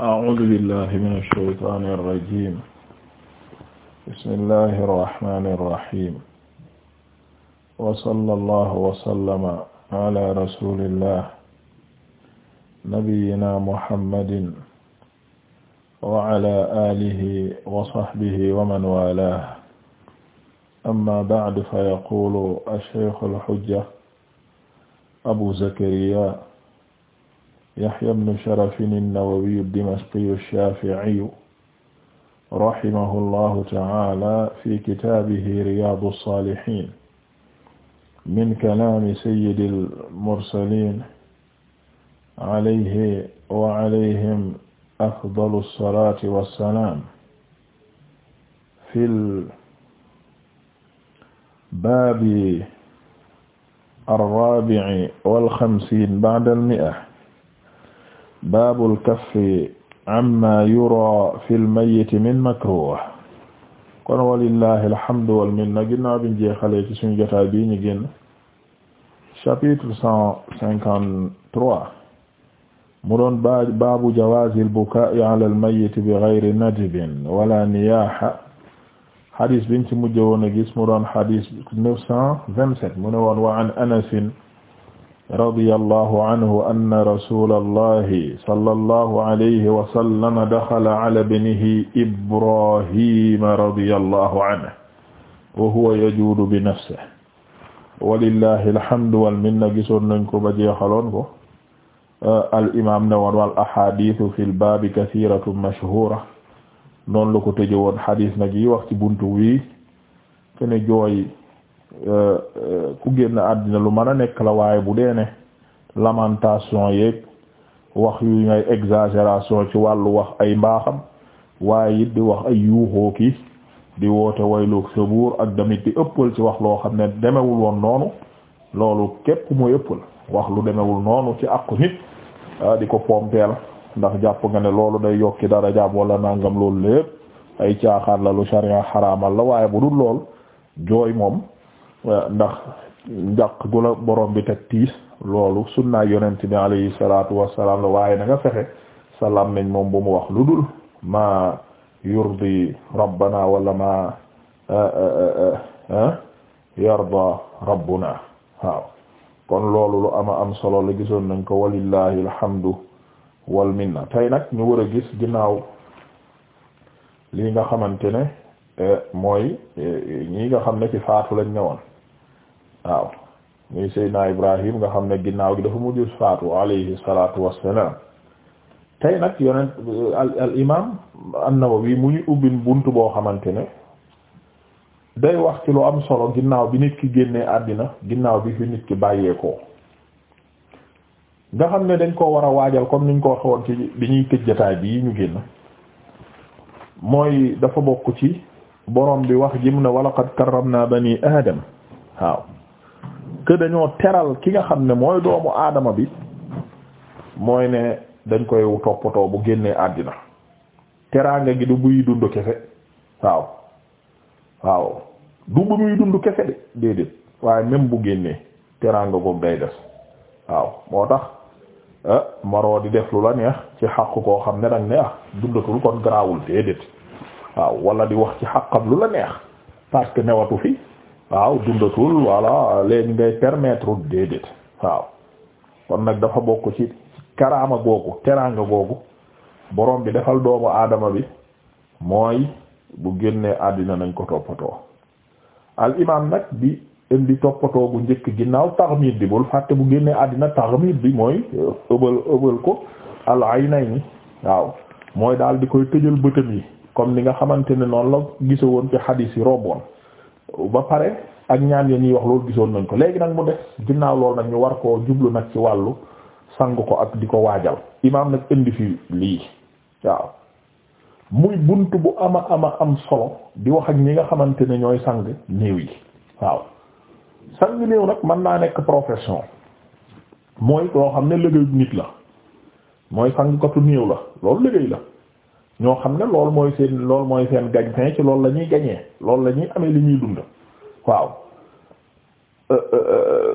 أعوذ بالله من الشيطان الرجيم بسم الله الرحمن الرحيم وصلى الله وسلم على رسول الله نبينا محمد وعلى آله وصحبه ومن والاه أما بعد فيقول الشيخ الحجة أبو زكريا Yahya ibn Sharaf an-Nawawi ad-Dimashqi ash-Shafi'i rahimahullahu ta'ala fi kitaabihi Riyaadu s-Saalihiin min kalaami sayyidil mursaliin alayhi wa alayhim afdalu s-salaati wa s-salaam fil baabi ar-raabi'i wal-khamsiin ba'da al-mi'a baabul kaffi amma yura fil mayyiti min makruh kon walillahi alhamdu wal minna ginnaaw biñ jeexalee ci suñu jotaay bii ñu génn chapitre cent cinquante trois mu doon baabu jawaazil bukaa'i ala al-mayyiti bi ghayri nadbin wala niyaaha xadis biñ ci mujj woon a gis mu doon xadis neuf cent vingt-sept mu ne woon wa an Anas radiyallahu anhu anna rasulallahi sallallahu alayhi wa sallam daxala ala bnihi Ibrahima radiyallahu anhu wa huwa yajuudu bi nafsihi walillahi alhamdu wal minna gisoon nañ ko ba jeexaloon ko al imaam ne woon wal ahadiisu fil baabi kasiiratun mashhuura noonu la ko tëjee woon xadis nag yi wax ci buntu wi kenn jooy. ku génn àddina lu mën a nekk la waaye bu dee ne lamentation yeeg wax yu ngay exagération ci wàllu wax ay mbaaxam waaye it di wax ay yuuxoo ki di woote wayloog sa buur ak damit di ëppal ci wax loo xam ne demewul woon noonu loolu képp mooy ëppal wax lu demewul noonu ci àqu nit ah, di ko pompeel ndax jàpp nga ne loolu day yokki dara jàpp wala nangam loolu lépp ay caaxaan la lu sharia xaraamal la waaye bu dul lool jooy moom ndax njàq gu la borom bi teg tiis loolu sunnaa yonent bi alayhi salaatu wassalaam la waaye na nga fexe sa làmmiñ moom bu mu wax lu dul maa yurdi rabbana wala maa eh, eh, eh, yarda rabbuna waaw kon loolu lu ama am solo la gisoon nañ ko walillahi alhamdu wal minna tey nag ñu war a gis ginnaaw lii nga xamante ne Euh, mooy euh, ñi nga xam ne ci faatu lañ ñëwoon waaw ñuy Seydina Ibrahim nga xam ne ginnaaw gi dafa mujj faatu alayhi salatu wassalam tey nag yonent euh, al imam an-Nawawi mu ñu ubbin bunt boo xamante ne day wax ci lu am solo ginnaaw bi nit ki génnee àddina ginnaaw bi fi nit ki bàyyeekoo nga xam ne dañ koo war a waajal comme niñ ko waxoon ci bi ñuy tëj jotaay bii ñu génn mooy dafa bokk ci borom bi wax jim na walaqad karramna bani adam waaw que dañoo teral ki nga xam ne mooy doomu aadama bi mooy ne dañ koy toppatoo bu génnee àddina teraanga gi du buy dund kese waaw waaw du bu muy dund kese de déedéet waaye même bu génnee teraanga googu day des waaw moo tax ah, maroo di def lu la neex ci xaq koo xam ne dañ ne ah dundatul kon garaawul déedéet waaw wala di wax ci xaqam lu la neex parce que newatu fi waaw dundatul voilà leen ngay permettre déedéet waaw kon nag dafa bokk ci karaama googu teraanga googu borom bi defal doomu aadama bi mooy bu génnee àddina nañ ko toppatoo al imaam nag di indi toppatoo gu njëkk ginnaaw taxmiit bi bul fàtte bu génnee àddina taxmiit bi mooy ëbal ëbal ko al aynayni waaw mooy daal di koy tëjal bëtam yi comme ni nga xamante ne noonu la gisoon ci xadiis yi roboon ba pare ak ñaan ya ñuy wax loolu gisoon nañ ko léegi nag mu def ginnaaw loolu nag ñu war koo jublu nag ci wàllu sang ko ak di ko waajal imaam nag indi fi lii waaw muy bunt bu ama ama am solo di wax ak ñi nga xamante ne ñooy sang néew yi waaw sang néew nag mën naa nekk profession mooy loo xam ne liggéeyu nit la mooy sangkatu néew la loolu liggéey la ñoo xam ne loolu mooy seen loolu mooy seen gagne-pain ci loolu la ñuy gañee loolu la ñuy amee li ñuy dund waaw euh, euh, euh,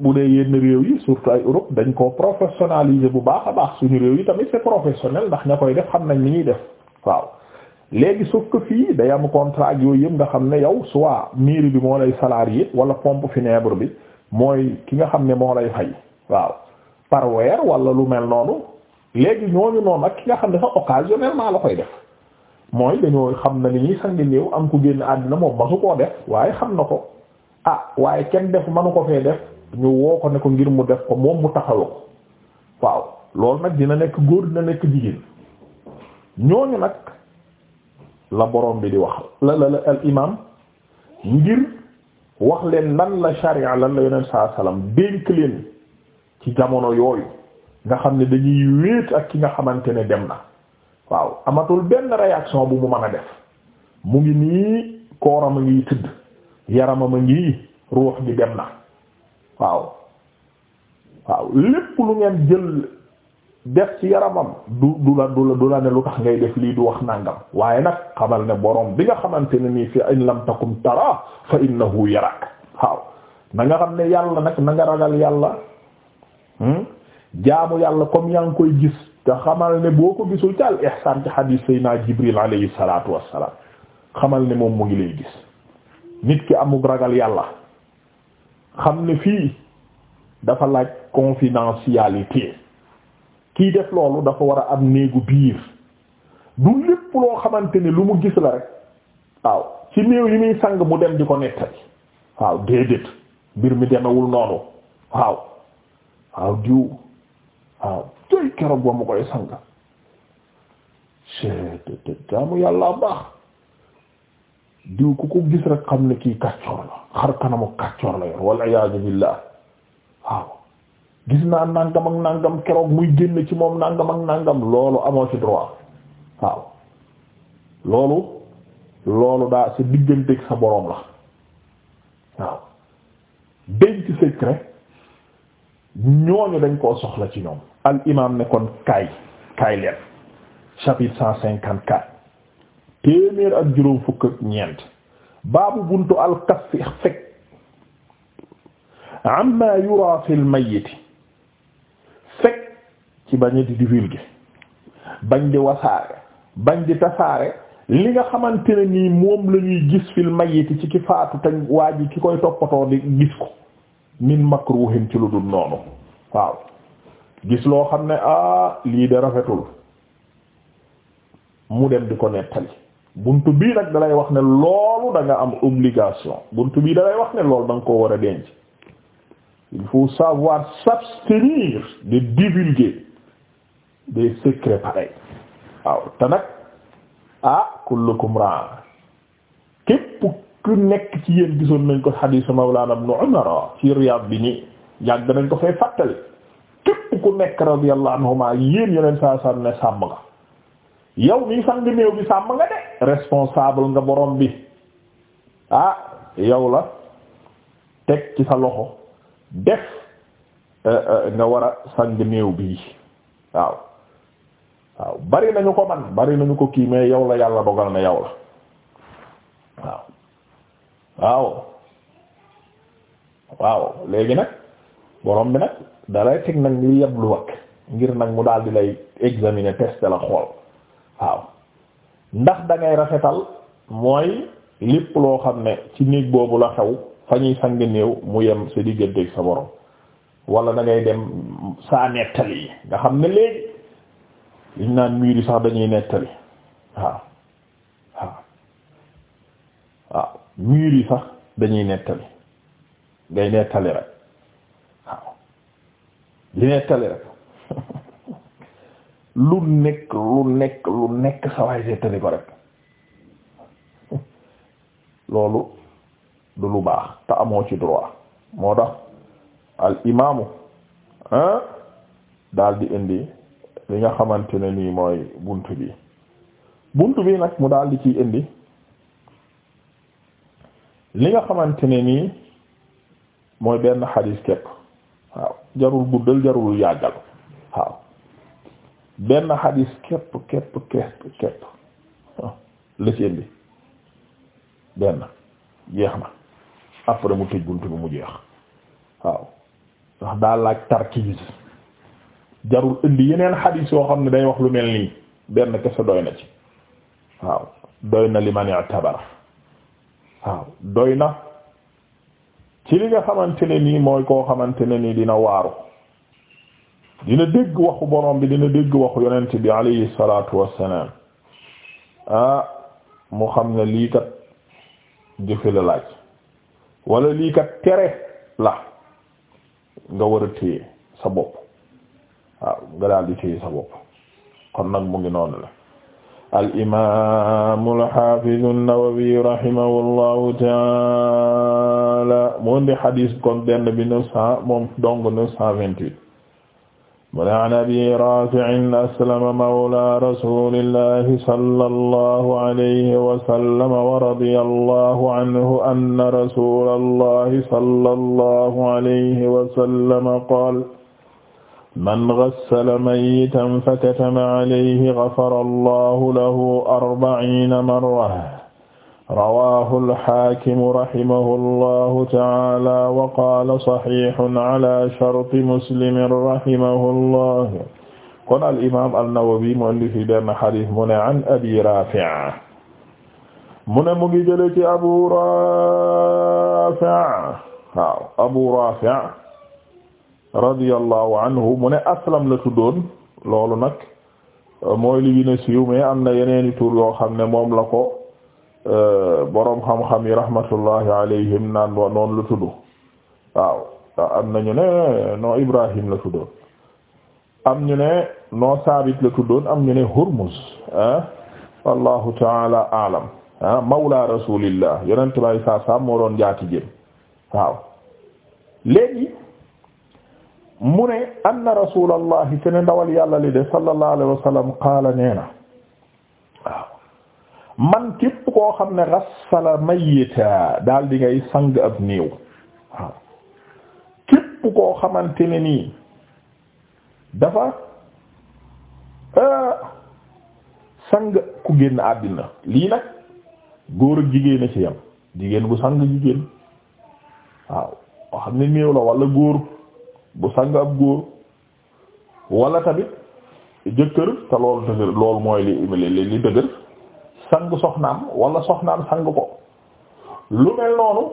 bu dee yenn réew yi surtout ay Europe dañ ko professionnaliser bu baax a baax suñu réew yi tamit c'est professionnel ndax ña koy def xam nañ ni ñuy def waaw léegi sauf que fii day am contrat yooyu yëpp nga xam ne yow soit mairie bi moo lay salarié wala pompe funèbre bi mooy ki nga xam ne moo lay fay waaw par weer wala lu mel noonu léegi ñooñu noonu ak ki nga xam ne sax occasionnellement la koy def mooy dañoo xam na ni ñuy sangi néew am ku génn àddina moom masu koo def waaye xam na ko ah waaye kenn def manu ko fee def ñu woo ko ne ko ngir mu def ko moom mu taxawu ko waaw loolu nag dina nekk góor dina nekk jigéen ñooñu nag la borom bi di wax la la la al imam ngir wax leen lan la sharia lan la yoneen saa salaam dénk leen ci jamono yooyu nga xam ne dañuy wéet ak ki nga xamante ne dem na waaw amatul benn réaction bu mu mën a def mu ngi nii kooram a ngi tëdd yaramam a ngi ruux gi dem na waaw waaw lépp lu ngeen jël def ci yaramam du du la du la du ne lu tax ngay def lii du wax nàngam waaye nag xamal ne boroom bi nga xamante ne nii fi in lam takum tara fa innahu yarak waaw na nga xam ne yàlla nag na nga ragal yàlla hmm? jaamu yàlla comme yaa ngi koy gis te xamal ne boo ko gisul ca al ihsaan ci xadiis sayna jibril alayhi salaatu wassalaam xamal ne moom mu ngi lay gis nit ki amug ragal yàlla xam ne fii dafa laaj confidentialité kiy def loolu dafa war a am néegu biir du lépp loo xamante ne lu mu gis la rek waaw ci néew yi muy sang mu dem di ko nettali waaw déedéet mbir mi demewul noonu waaw waaw diw waaw tey keroog ba mu koy sang te mu yàlla baax diw ku ko gis rek xam ne kii kàccoor la xar kanamu kàccoor la yor walla iyaazu billaah waaw gis naa nangam ak nangam keroog muy génn ci moom nangam ak nangam loolu amoo ci droit waaw loolu loolu daa sa digganteeg sa boroom la waaw denc secret ñooñu dañ koo soxla ci ñoom al imam ne kon kaay kaay leen chapitre cinquante quatre téeméer ak juróom fukk ak ñeent baabu buntu al kaffi fekk amma yura fil mayyit fekk ci bañ di divulguer bañ di wasaare bañ di tasaare li nga xamante ne nii moom la gis fil mayyit ci ki faatu tañ waa ji ki koy toppatoo di gis ko min makruhin ci lu dul noonu waaw gis loo xam ne ah lii de rafetul mu dem di ko nettali buntu bii nag dalay wax ne loolu da am obligation bunt bii dalay wax ne loolu da koo war a denc il faut savoir s'abstenir de divulguer des secrets pareils waaw te nag ah kullukum ra képp ku nekk ci yéen gisoon nañ ko a Mawlaana Ibnu Umar ci Riyaad bi nii yàgg nañ ko fay fàttali képp ku nekk radiyallahu anhuma yéen yeneen saa saa ne sàmm nga yow mii sang néew bi sàmm nga de responsable nga borom bi ah yow la teg ci sa loxo def eh, eh, nga war a sang néew bi waaw waaw bari nañu ko man bari nañu ko kii mais yow la yàlla dogal na yow la waaw waaw waaw léegi nag boroom bi nag dalay teg nag li yablu wakk ngir nag mu daal di lay examiner tester la xool waaw ndax da rafetal mooy lépp loo xam ne ci néeg boobu la xew fa ñuy sang néew mu yem sa digganteeg sa borom walla da ngay dem saa nettali yi nga xam ne léegi liñ naan miir yi sax dañuy nettali waaw miir yi sax dañuy nettali ngay nettali rek waaw di nettali rek lu nekk lu nekk lu nekk sawaay nettali ko rek loolu du lu baax te amoo ci droit moo tax al imaamu hein ah, daal di indi li nga xamante ne nii mooy buntu bi buntu bi nag mu daal di ciy indi li nga xamante ne nii mooy benn xadiis képp waaw jarul guddal jarul yàggal waaw benn xadiis képp képp képp képp la benn jeex na après mu tëj buntu bi mu jeex waaw ndax daa laaj tarkiis jarul indi yeneen xadiis yoo xam ne day wax lu mel nii benn kese doy na ci waaw doy na li man waaw doy na ci li nga xamante ne nii mooy koo xamante ne nii dina waaru dina dégg waxu borom bi dina dégg waxu yonent bi alayhi salaatu wassalaam ah mu xam ne lii kat jëfe la laaj wala lii kat tere la nga war a téye sa bopp waaw nga daal di téye sa bopp kon nag mu ngi noonu la al-imaam al-haafiz an-Nawawi rahimahullahu ta'aala mu indi hadiis kon benn bi neuf cent moom dong neuf cent vingt-huit mu ne an Abi Raafi' aslama mawlaa rasuulillaahi sallallaahu alayhi wa sallam wa radiyallaahu anhu anna rasuulallaahi sallallaahu alayhi wa sallam qaala man gassala mayitan fakatama alayhi gafara allahu lahu arbaina marra rawahu alxakimu rahimahu allahu taala wa qaala saxiixun ala sharti muslimin rahimahu allah kon alimam alnawawi mu indi fi benn xadis mu ne an abi rafi' mu ne mu ngi jële ci abu rafi' waaw abu rafi' radiyallahu anhu mu ne aslam la tuddoon loolu nag mooy li gën mais am na yeneeni tur yoo xam ne moom la ko euh, boroom xam-xam yi rahmatullahi alayhim naan wa noonu la tudd waaw am na ñu ne non Ibrahim la tuddoon am ñu ne non Saabit la tuddoon am ñu ne Hurmuz ah wallahu taala alam ah mawla rasulillah yonent bay saa moo doon jaati jëm waaw mu ne anna rasulallahi te ndawal yàlla li de sallallahu alayhi wa sallam qaala nee na waaw man képp koo xam ne ghassala mayyita daal di ngay sang ab néew waaw képp koo xamante ne nii dafa euh, sang ku génn àddina lii nag góor ak jigéen a ci yam jigéen bu sang jigéen waaw xam ne néew la wala góor bu sang ab góor wala tamit jëkkër te loolu dëgër loolu mooy li li dëgër sang soxnaam wala soxnaam sang ko lu mel noonu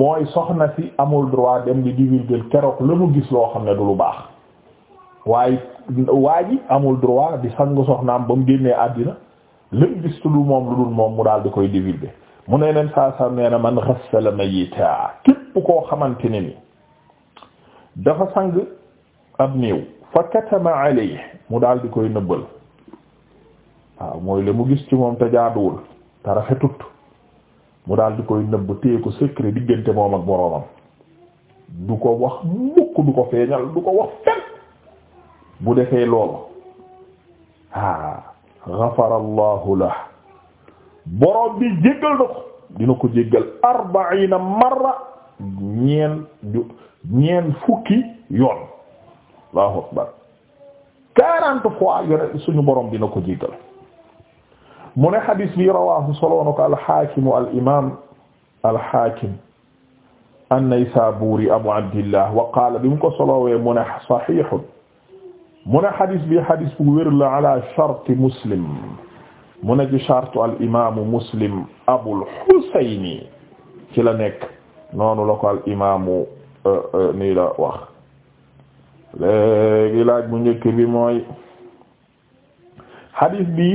mooy soxna si amul droit dem di divulguer keroog la mu gis loo xam ne du lu baax waaye waa amul droit di sang soxnaam ba mu génnee àddina lëm gis tudd moom lu dul moom mu daal di koy divulguer mu ne neen saa saa nee na man ghassala mayyita képp koo xamante ne ni dafa sang ab néew fa katama alayhi mu daal di koy nëbbal waaw mooy la mu gis ci moom te jaaduwul te rafetut mu daal di koy nëbb téye ko secret diggante moom ak boroomam du ko wax mukk du ko feeñal du ko wax fen bu defee loolu ah ghafara allahu la boroom bi jéggal na ko dina ko jéggal arbaina marra ñeen ñeen fukki yoon Allahu akbar quarante fois yone suñu borom dina ko jiital mu ne xadis bi rawahu soloona ko alxaakimu alimam alxaakim an-Naysaburi abu abdillah wa qaala bi mu ko solowee mu ne saxiixun mu ne xadis bi xadis bu wér la ala sharti muslim mu ne ci shartu alimamu muslim abul xusayni ci la nekk noonu la ko al imaamu euh, euh, nii la wax léegi laaj bu njëkk bi mooy hadith bi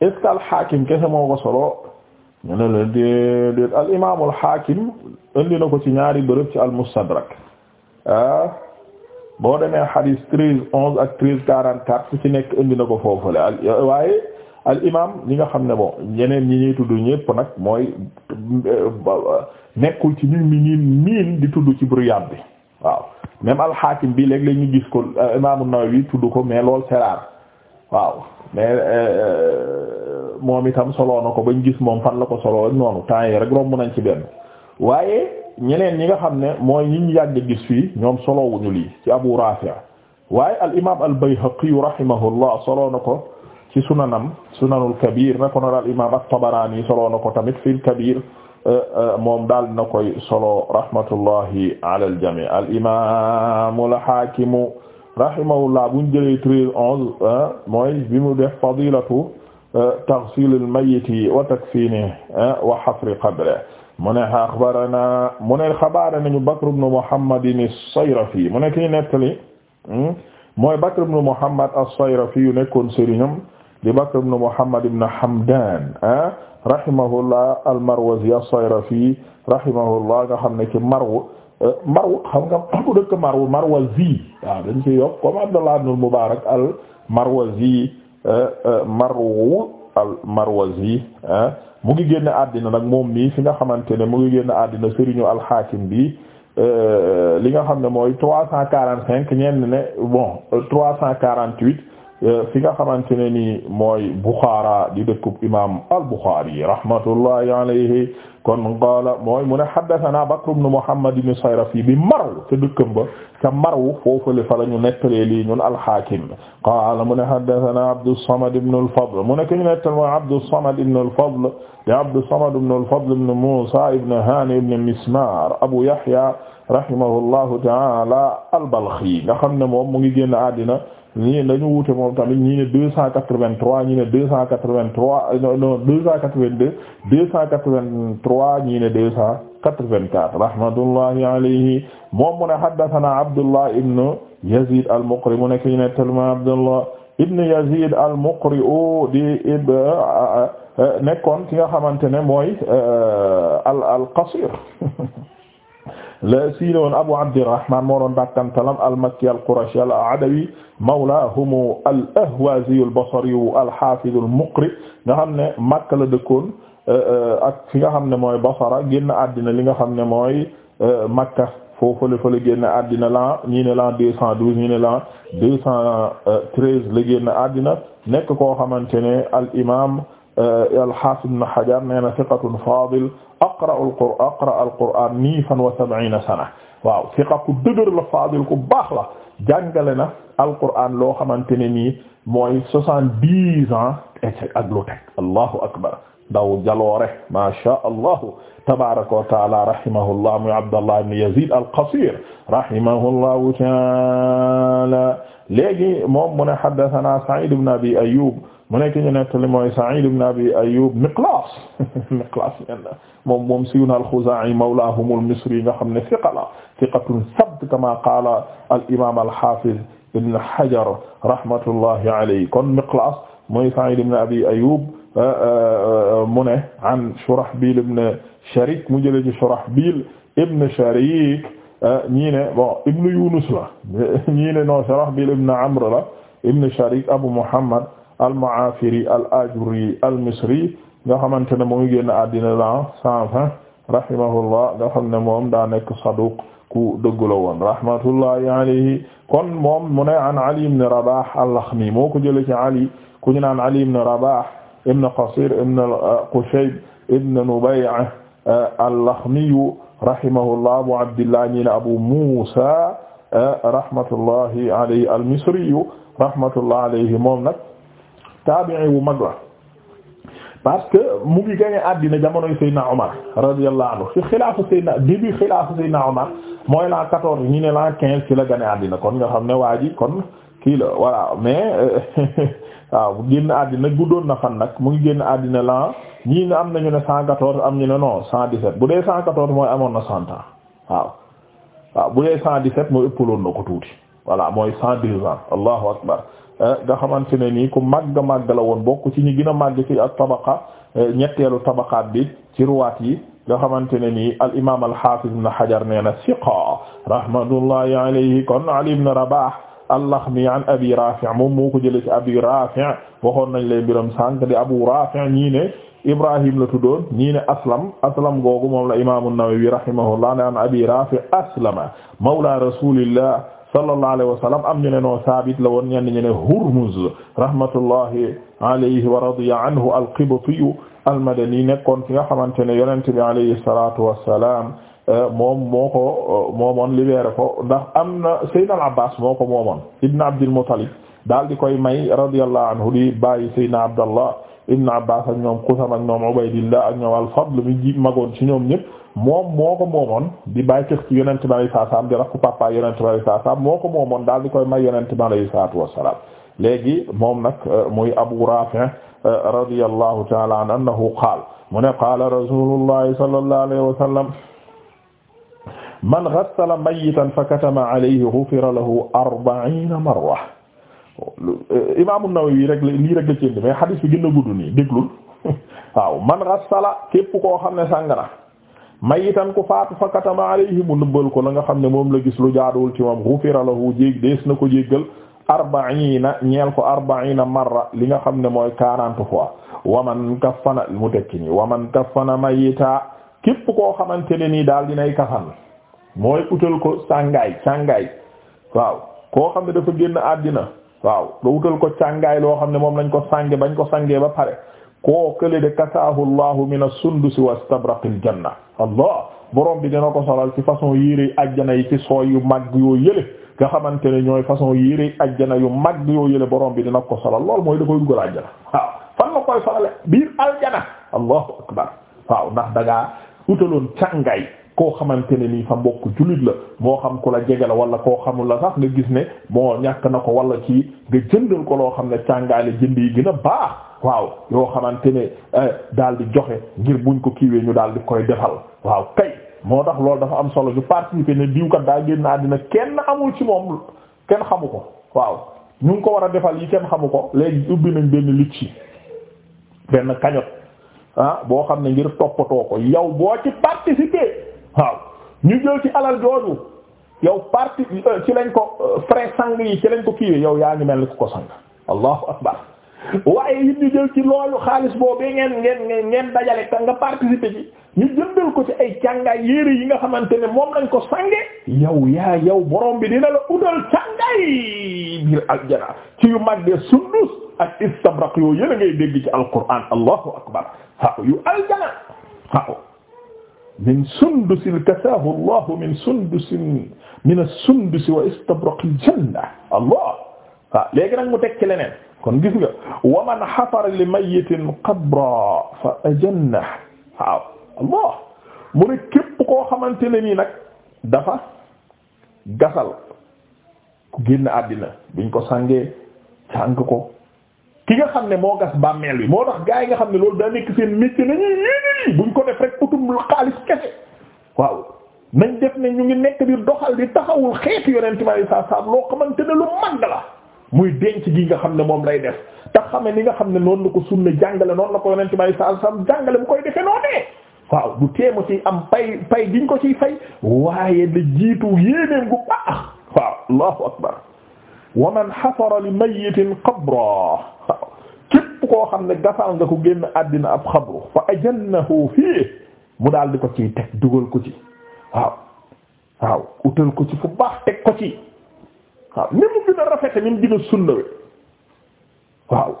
est-ce que al hakim kese moo ko solo al imaamu al hakim indi ko ci ñaari bërëb ci al mustadrak ah, boo demee hadith treize onze ak treize quarante quatre ci nekk indi na ko foofule waaye al imam ñi nga xam ne boo ñeneen ñi ñuy tudd ñëpp nag mooy euh, nekkul ci ñun mi ñi di tudd ci Riyad bi waaw même al-Hakim léeg-léeg ñu gis ko euh, imam An-Nawawi tudd ko mais lool c'est waaw mais euh, moom itam soloo na ko bañ gis moom fan la ko soloo noonu temps yi rek romb nañ ci benn waaye ñeneen ñi nga xam ne mooy ñi ñu yàgg gis fii ñoom solowuñu lii ci Abu Rafi' waaye al imam al-Bayhaqi rahimahullah solo na ko ci sunanam sunanul kabir na ko noon al imam at-Tabarani solo na ko tamit fil kabir euh, euh, moom daal na koy solo rahmatullahi ala al jami' al imam al hakim rahimahullah buñ jëlee treize onze mooy bi mu def fadilatu euh, taghsil al mayyit wa takfinihi wa hafr qabrihi mu ne akhbarana mu ne xabaara nañu Bakr ibn Muhammad as-Sayrafi mu ne ki nettali hmm, mooy Bakr ibn Muhammad as-Sayrafi yu nekkoon sëriñam di Bakr ibn Muhammad ibn Hamdan ah, rahimahullah al-Marwazi as-Sayrafi rahimahullah nga xam ne ci Marw eh, Marw xam nga bu dëkk Marw Marwazi waaw dañ ki yokk comme Abdullah ibn al-Mubarak al-Marwazi eh, eh, Marw al-Marwazi ah, mu ngi génn àddina nag moom mii fi nga xamante ne mu ngi génn àddina sëriñu al-Hakim bi li nga xam ne mooy trois cent quarante cinq ñenn ne bon trois cent quarante huit Euh, fi nga xamante ne ni mooy Bukhara di dëkkub imam al-Bukhari rahmatullahi alayhi kon qaala mooy mu ne haddathana Bakr ibn Muhammad ibn Sayrafi bi Marw te dëkkam ba ca Marw foofale fa la ñu nettalee lii ñun al-Hakim qaala mu ne haddathana Abdus Samad ibn al-Fadl mu ne ki ñu nettal mooy Abdus Samad ibn al-Fadl ya Abdus Samad ibn al-Fadl ibn Musa ibn Hani ibn Mismar Abu Yahya rahimahullahu ta'ala al-Balkhi nga xam ne moom mu ngi génn àddina ñii dañu wute moom tamit ñii ne deux cent quatre-vingt-trois ñii ne deux cent quatre-vingt-trois non deux cent quatre-vingt-deux deux cent quatre-vingt-trois ñii ne deux rahmatullahi alayhi moom mu ne haddathana Abdullah ibn Yazid al mu nekk ñu ne tellement Abdullah ibn Yazid al di ib eh, eh, eh, nekkoon ki nga xamante ne mooy al al-Qasir le sii woon Abu Abdirrahman moo doon dakkantalam al-Makki al-Qurashi al-Adawi mawlaahum al-Ahwazi nga xam ne Makka la dëkkoon euh, euh, ak fi nga xam ne mooy Basra génn àddina li nga xam ne mooy euh, Makka foofu la fa la génn àddina la ñii ne la deux cent douze ñii la deux cent treize la génn àddina nekk ko xamante ne al Euh, al-Hafiz Ibn Hajar nee na thiqatun fadil aqra'u al-Qur'an aqra'a al-Qur'an mi'atan wa sab'iina sana waaw thiqa ku dëgër la fadil ku baax la jàngale na al-Qur'an loo xamante ne nii mooy soixante-dix ans ak lu teg Allahu akbar ndaw jaloore ma sha Allah tabaaraka wa ta'aala rahimahullah muy Abdallah ibn Yazid al-Qasir rahimahullahu ta'aala léegi moom mu ne haddathana Sa'id ibn Abi Ayyub mu nekk ñu nettali mooy Sa'id ibn Abi Ayyub Miqlas Miqlas men moom moom siw na al-Khuzaa'i mawlaahum al-Misri yi nga xam ne thiqa la thiqatun sabt kama qaala al-imaam al-Haafiz ibn Hajar rahmatullahi alayhi kon Miqlas mooy Sa'id ibn Abi Ayyub euh, euh, mu ne an Shurahbil ibn Sharik mu jële ci Shurahbil ibn Sharik euh, ñii ne bon ibn Yunus la ñii ne non Shurahbil ibn Amr la ibn Sharik Abu Muhammad al-Mu'afiri al-Ajuri al-Misri nga xamante ne mu ngi génn àddina la cent vingt rahimahullah nga xam ne moom daa nekk saduq ku dëggu la woon rahmatullahi alayhi kon moom mu ne an Ali ibn Rabah al-Lakhmi moo ko jëlee ci Ali ku ñu naan Ali ibn Rabah ibn Qasir ibn Qushayb ibn Nubay' eh, al-Lakhmi rahimahullah Abu Abdillah ñi na Abu Musa eh, rahmatullahi alayhi al-Misri rahmatullahi alayhi moom nag taabi'i bu mag la parce que mu ngi gane àddina jamonoy Seydina Omar radiyallahu anhu ci xilaafu Seydina début xilaafu Seydina Omar mooy l'an quatorze ñu ne l'an quinze ci la gane àddina kon nga xam ne waa ji kon kii la voilà mais waaw génn àddina guddoon na fan nag mu ngi génn àddina l'an ñii ne am nañu ne cent quatorze am ñu ne non cent dix-sept bu dee cent quatorze mooy amoon na cent ans waaw waaw bu dee cent dix-sept mooy ëppaloon na ko tuuti voilà Eh, nga xamante ne nii ku màgg màgg la woon bokk ci ñi a màgg ci ak tabaqa eh, ñetteelu tabaqaat bi ci ruwaat yi nga xamante ne nii al imaam al hafiz ibn hajar nee na siqa rahmatullahi alayhi kon ali ibn rabah al-Laxmi an abi rafi' moom moo ko jëlee ci abi rafi' waxoon nañ lay mbiram sànq di abu rafi' ñii ne ibrahim la tuddoon ñii ne aslam aslam googu moom la imaamu Nawawi rahimahullah an abi rafi' la mawla rasulillah sallallahu alayhi wa sallam am ñu ne noo Saabit la woon ñenn ñu ne Hurmuz rahmatullahi alayhi wa radiya anhu al-Qibtiyu al-Madani nekkoon fi nga xamante ne yonent bi alayhi salaatu wa salaam euh, moom moo ko euh, moomoon libéré ko ndax am na Seydina al-Abbaas moo ko moomoon Ibn Abdil Muttalib daal di koy may radiyallahu anhu di bàyyi Seydina Abdallah Ibn Abbaas ak ñoom Qusam ak ñoom Ubaydillah ak ñoom al-Fadl mi ji magoon ci ñoom ñëpp. moom moo ko moomoon di bàyyi cëx ci yonent bi alayhi salaam di rakku papa yonent bi alayhi salaam moo ko moomoon daal di koy may yonent bi alayhi salaatu wassalaam léegi moom nag euh, muy Abu Rafi' euh, radiyallahu ta'ala anhu annahu qaala mu ne qaala rasuulullahi sallallahu alayhi wa sallam man ghassala mayyitan fa katama alayhi ghufira lahu arba'iina marra Imaam an-Nawawi rek lii rek la ci indi mais hadith bi gën a gudd nii déglul waaw man ghassala képp koo xam ne sàngara mayitan ku faatu fa katama alayhi mu nëbbal ko la nga xam ne moom la gis lu jaaduwul ci moom ghufira lahu jéeg dees na ko jéggal arbaina ñeel ko arbaina marra li nga xam ne mooy quarante fois waman kafana mu tekki nii waman kafana mayita képp koo xamante ne nii daal dinay kafan mooy utal ko sàngaay sàngaay waaw koo xam ne dafa génn àddina waaw da utal ko sàngaay loo xam ne moom lañ ko sànge bañ ko sàngee ba pare koo kële de kasaahu llahu min as-sundus wa istabraqil janna allah borom bi dina ko solal ci façon yére ajjana yi ci sooy yu mag yoo yële nga xamante ne ñooy façon yére ajjana yu mag yoo yële borom bi dina ko solal lool mooy da koy dugal ajjana waaw fan la koy solale biir aljana allahu akbar waaw ndax da ngaa utaloon càngaay koo xamante ne nii sa mbokk jullit la moo xam ku la jege la wala koo xamul la sax nga gis ne bon ñàkk na ko wala ci nga jëndal ko loo xam ne càngaale jënd yi gën a baax waaw yoo xamante ne eh, daal di joxe ngir buñ ko kiiwee ñu daal di koy defal waaw kay moo tax loolu dafa am solo ñu participer ne diw kat daa génn àddina kenn amul ci moom kenn xamu ko waaw ñu ngi ko war a defal yi kenn xamu ko léegi ubbi nañ benn liggéey benn kañot ah, boo xam ne ngir toppatoo ko yow waaw ñu jël ci alal jooju yow parti euh, ci lañ ko euh, frais sang yi ci lañ ko kiiwee yow yaa ngi mel ni ku ko sang allahu akbar waaye it ñu jël ci loolu xaalis boobu ngeen ngeen ngeen dajale te nga participer ci ñu jëndal ko ci ay càngaay yére yi nga xamante ne moom lañ ko sange yow yaa yow boroom bi dina la utal càngaay biir aljana ci yu mag de sundus ak istabraq yooyu yële ngay dégg ci alquran allahu akbar waaw yu aljana waaw min sundusin kasaahu allahu min sundusin min as-sundus wa istabraqil janna allah waaw léegi nag mu teg ci leneen kon gis nga wa man xafara li mayitin qabra fa ajanna waaw allah mu ne képp koo xamante ne nii nag dafa gasal ku génn àddina buñ ko sàngee sàng ko ki nga xam ne moo gas bàmmeel yi moo tax gaa yi nga xam ne loolu daa nekk seen métier nañu yéene buñ ko def rek utum xaalis waaw nañ def ne ñu ngi nekk di doxal di taxawul xeetu yonent ma saa saa loo xamante ne lu mag la muy denc gi nga xam ne moom lay def xam xame ni nga xam ne noonu na ko sunna jàngale noonu la ko yonent ma saa saa jàngale mu koy defee noonee waaw du teemu ci am pay pay giñ ko ciy fay waaye la jiitu yéeneen gu baax waaw allahu akbar wa man xafara li mayitin qabra képp koo xam ne gasal nga ko génn àddina ab xabru fa ajannahu fii mu daal di ko ciy teg dugal ko ci waaw waaw utal ko ci fu baax teg ko ci waaw ni mu gën a rafete ni mu gën a sunnawe waaw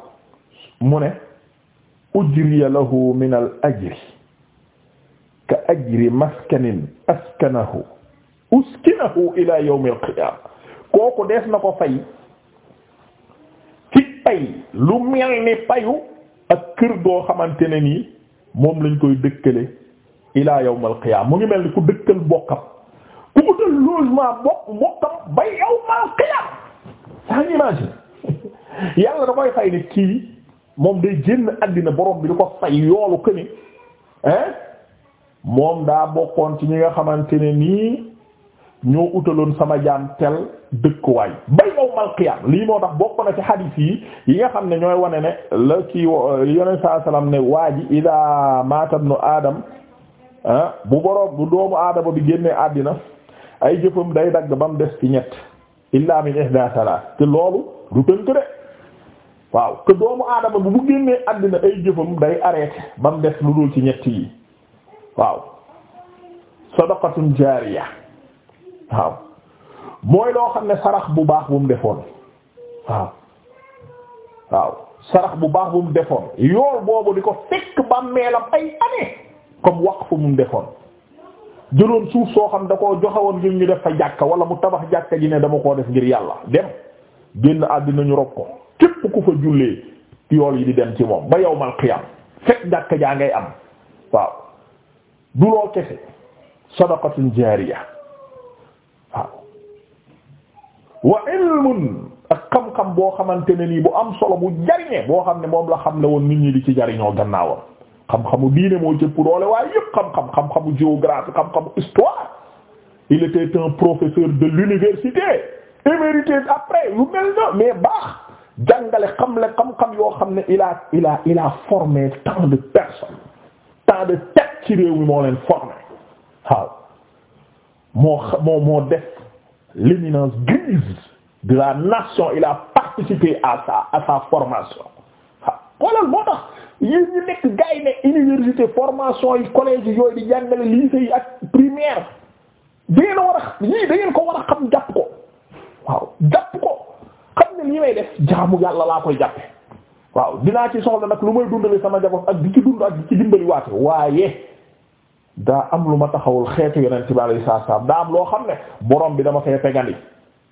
mu ne ujriya lahu min al ajri ka ajri maskanin askanahu uskinahu ila yawm al qiyamah kooku dees na ko fay ci pay lu mel ni payu ak kër goo xamante ne nii moom lañ koy dëkkale ilaa yawmal qiyaama mu ngi mel ni ku dëkkal bokkam ku utal logement bokk bokkam ba yawmal qiyaama saa ngi imagine yàlla da koy fay ni kii moom day génn àddina borom bi di ko fay yoolu këni hein moom daa bokkoon ci ñi nga xamante ne nii ñoo utaloon sama jaam tel dëkkuwaay ba yawmal qiyaam lii moo tax bokk na ci xadiis yi yi nga xam ne ñooy wane ne la ci yonent saa salaam ne waa ji idaa maata ibnu aadam bu boroom bu doomu aadama bi génnee àddina ay jëfam day dagg ba mu des ci ñett illaa min ihdaa laa te loolu du tënk de waaw te doomu aadama bi bu génnee àddina ay jëfam day arrêté ba mu des lu dul ci ñett yi waaw sadaqatun jaariya waaw mooy loo xam ne sarax bu baax bu mu defoon waaw waaw sarax bu baax bu mu defoon yool boobu di ko fekk bàmmeelam ay année comme waqf fu mu defoon jëloon suuf soo xam da koo joxe woon ngir ñu def fa jàkka wala mu tabax jàkka ji ne dama koo def ngir yàlla dem génn àddina ñu rob ko képp ku fa jullee yool yi di dem ci moom ba yow qiyam fekk jàkka jaa ngay am waaw du loo kese sadaqatun jaariya waaw wa ilmun ak xam-xam boo xamante ne nii bu am solo bu jariñe boo xam ne moom la xam ne woon nit ñi di ci jariñoo gannaawam xam-xamu diine moo jëpp doole waaye yëpp xam-xam xam-xamu géographie xam-xamu histoire il était un professeur de l'université émérité après yu mel na mais baax jàngale xamle xam-xam yoo xam ne il a il a de personnes tant de têtes ci réew mi moo leen formé waaw moo moo moo def l'éminence grise de la nation il a participé à sa formation waaw xoolal tax yéen ñu nekk gars ne université formation yi collège yooyu di jàngale lycée yi ak primaire da ngeen a war a yii da ngeen ko war a xam jàpp ko waaw jàpp ko xam ne lii may def jaamu yàlla laa koy jàppe waaw dinaa ci soxla nag lu may dundale sama jaboot ak di ci dund ak di ci dimbali waate waaye daa am lu ma taxawul xeetu yonent bi alayhi salaam daa am loo xam ne borom bi dama fee pegandi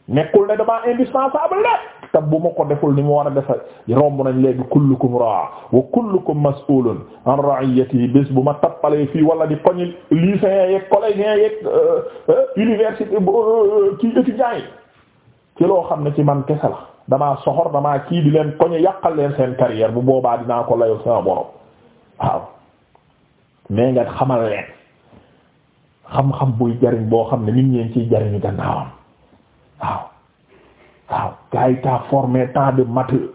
nekkul ne damaa indispensable de te bu ma ko deful ni mu war a defa romb nañ léegi kullukum raa wa uuloon mas'ulun an yi bés bu ma tappalee fii wala di koñi lycéens yeeg collégiens yeeg euh, euh, université ci euh, étudiants ci loo xam ne ci man kese la damaa soxor damaa kii di leen koñi yàqal leen seen carrière bu boobaa dinaa ko layoo sama borom waaw mais nga xamal leen xam-xam buy jariñ boo xam ne nit ñeen ciy jariñu gannaawam waaw waaw gars yi taa formé tant de matheux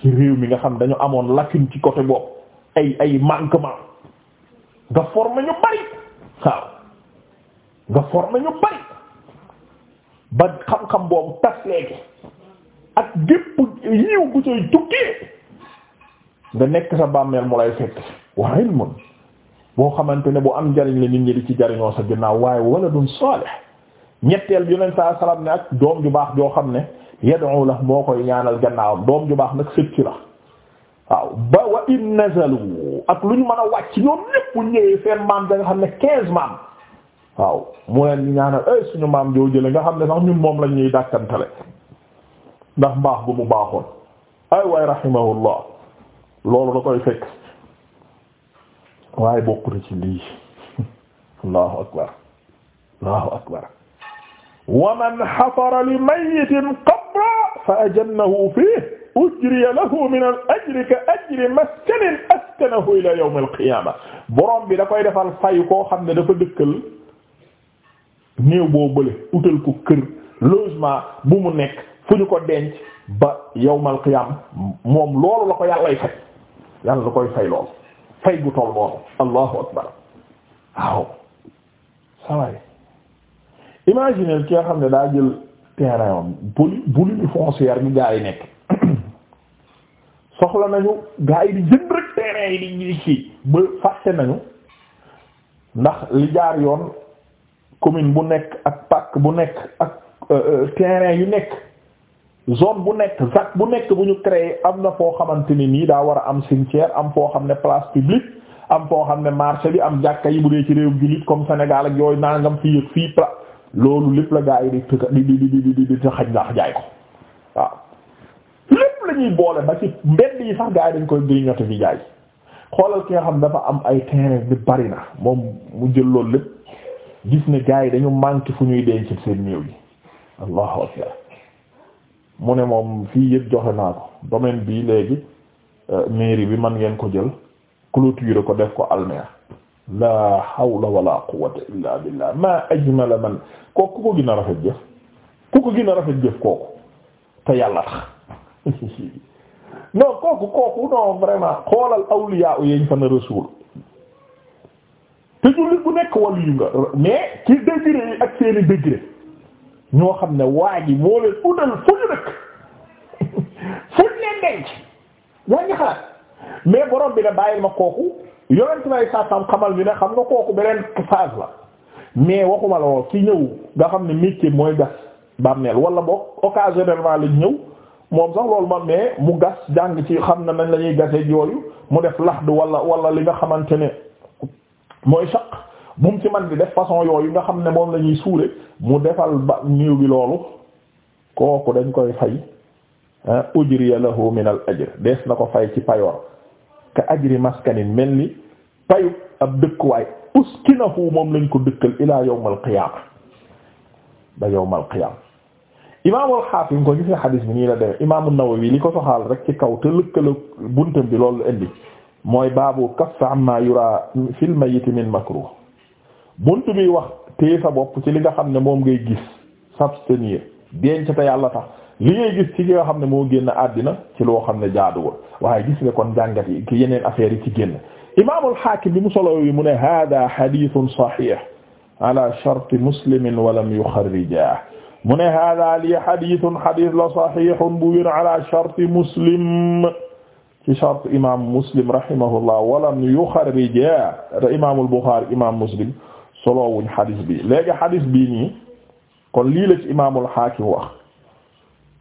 ci réew mi nga xam dañu amoon lacune ci côté bopp ay ay manquement nga formé ñu bari waaw nga formé ñu bari ba xam-xam boobu tas léegi ak gépp yiw bu sooy tukkee nga nekk sa bàmmeel mu lay fekk wa ilmun boo xamante ne bu am njariñ la nit ñi di ci jariñoo sa ginnaaw waaye waladun du ñetteel bi yonent saa salaam ne ak doom ju baax joo xam ne yad'u la moo koy ñaanal gannaawam doom ju baax nag sëcc la waaw ba wa in nazalu ak lu ñu mën a wàcc ñoom ñépp bu ñëwee seen maam da xam ne quinze maam waaw mu leen ñaanal ay eh, suñu maam joo jële nga xam ne sax ñun moom lañ ñuy dàkkantale ndax mbaax bu mu baaxoon ay waay rahimahullah loolu da koy fekk waaye bokkul ci lii allahu akbar allahu akbar wa man xafara li mayyitin qabra fa ajannahu fiihi ujriya lahu min al ajri ka ajri maskanin askanahu ila yawm al qiyaama borom bi da koy defal fay koo xam ne dafa dëkkal néew boo bële utal ko kër logement bu mu nekk fu ñu ko denc ba yawm al qiyaama moom loolu la ko yàllay fay yàlla la koy fay lool pay gu toll noonu allahu akbar waaw saway imaginez ki xam ne daa jël terrain am buli buli bi foncière bi gaa yi nekk soxla nañu gaa yi di jënd rek terrain yi di ñi ci ba fàtte nañu ndax li jaar yoon commune bu nekk ak parc bu nekk ak euh, euh, terrain yu nekk zone bu nekk zac bu nekk bu ñu créé am na foo xamante ni nii daa war a am cimetière am foo xam ne place publique am foo xam ne marché bi am jàkka yi bu dee ci réew jullit comme Sénégal ak yooyu nangam fii ak fii loolu lépp la gaa yi di di di di di di xaj ndax jaay ko waaw lépp la ñuy boole ba ci mbedd yi sax gaa yi dañ koy grignoter fi jaay xoolal ki nga xam dafa am ay terrain bi bari na moom mu jël loolu lépp gis ne gaa yi dañu manqué fu ñuy denc seen néew yi allahu akbar mu ne moom fii yëpp joxe naa ko domaine bii léegi euh, mairie bi man ngeen ko jël clôturer ko def ko almeer la hawla wala quwwata illa billah ma ajmala man kooku ku ko a rafet jëf ku ko a rafet jëf kooku te yàlla tax xoolal awliya yeñ fa na rasul te jullit bu nekk wàllu yu nga mais ci degré yi ak seeni degré ñoo xam ne waa gi moo leen utal fu ñu dëkk fu ñu leen denc yaa ngi xalaat mais borom bi ne bàyyil ma kooku yonent lay sàttam xamal bi ne xam nga kooku beneen phase la mais waxuma la ki ñëw nga xam ne métier mooy gas bàmmeel wala boog occasionnellement lañ ñëw moom sax loolu ma mais mu gas jàng ci xam na nañ la ñuy gase yooyu mu def laxdu wala wala li nga xamante ne mooy saq bu mu ci man bi def façon yooyu nga xam ne moom la ñuy suure mu defal ba néew bi loolu kooku dañ koy fay ah, ujriya lahu min al ajr dees na ko fay ci payoor ka ajri maskanin mel ni payu ab dëkkuwaay uskinahu moom lañ ko dëkkal ila yawmal qiyaama ba yawmal qiyaama imaamul xaatim ko gisee xadiis bi nii la demee imaamu Nawawi li ko soxaal rek ci kaw te lëkkale buntam bi loolu indi mooy baabu kaffa amma yura fil mayyit min makruh buntu bi wax téye sa bopp ci li nga xam ne moom ngay gis s'abstenir denc te yàlla tax li ngay gis ci li xam ne moo génn àddina ci loo xam ne jaaduwul waaye gis nga kon jàngat yi ki yeneen affaires yi ci génn imaamul Haakim bi mu solo mu ne hada hadithun sahih ala sharti muslimin mu ne hada li hadithun hadith la sahihun bu wér ala sharti muslim ci sharti imam muslim rahimahullah wa lam yuxarrijah te imam muslim soloowuñ xadis bi léegi xadis bii nii kon lii la ci imaamul Haakim wax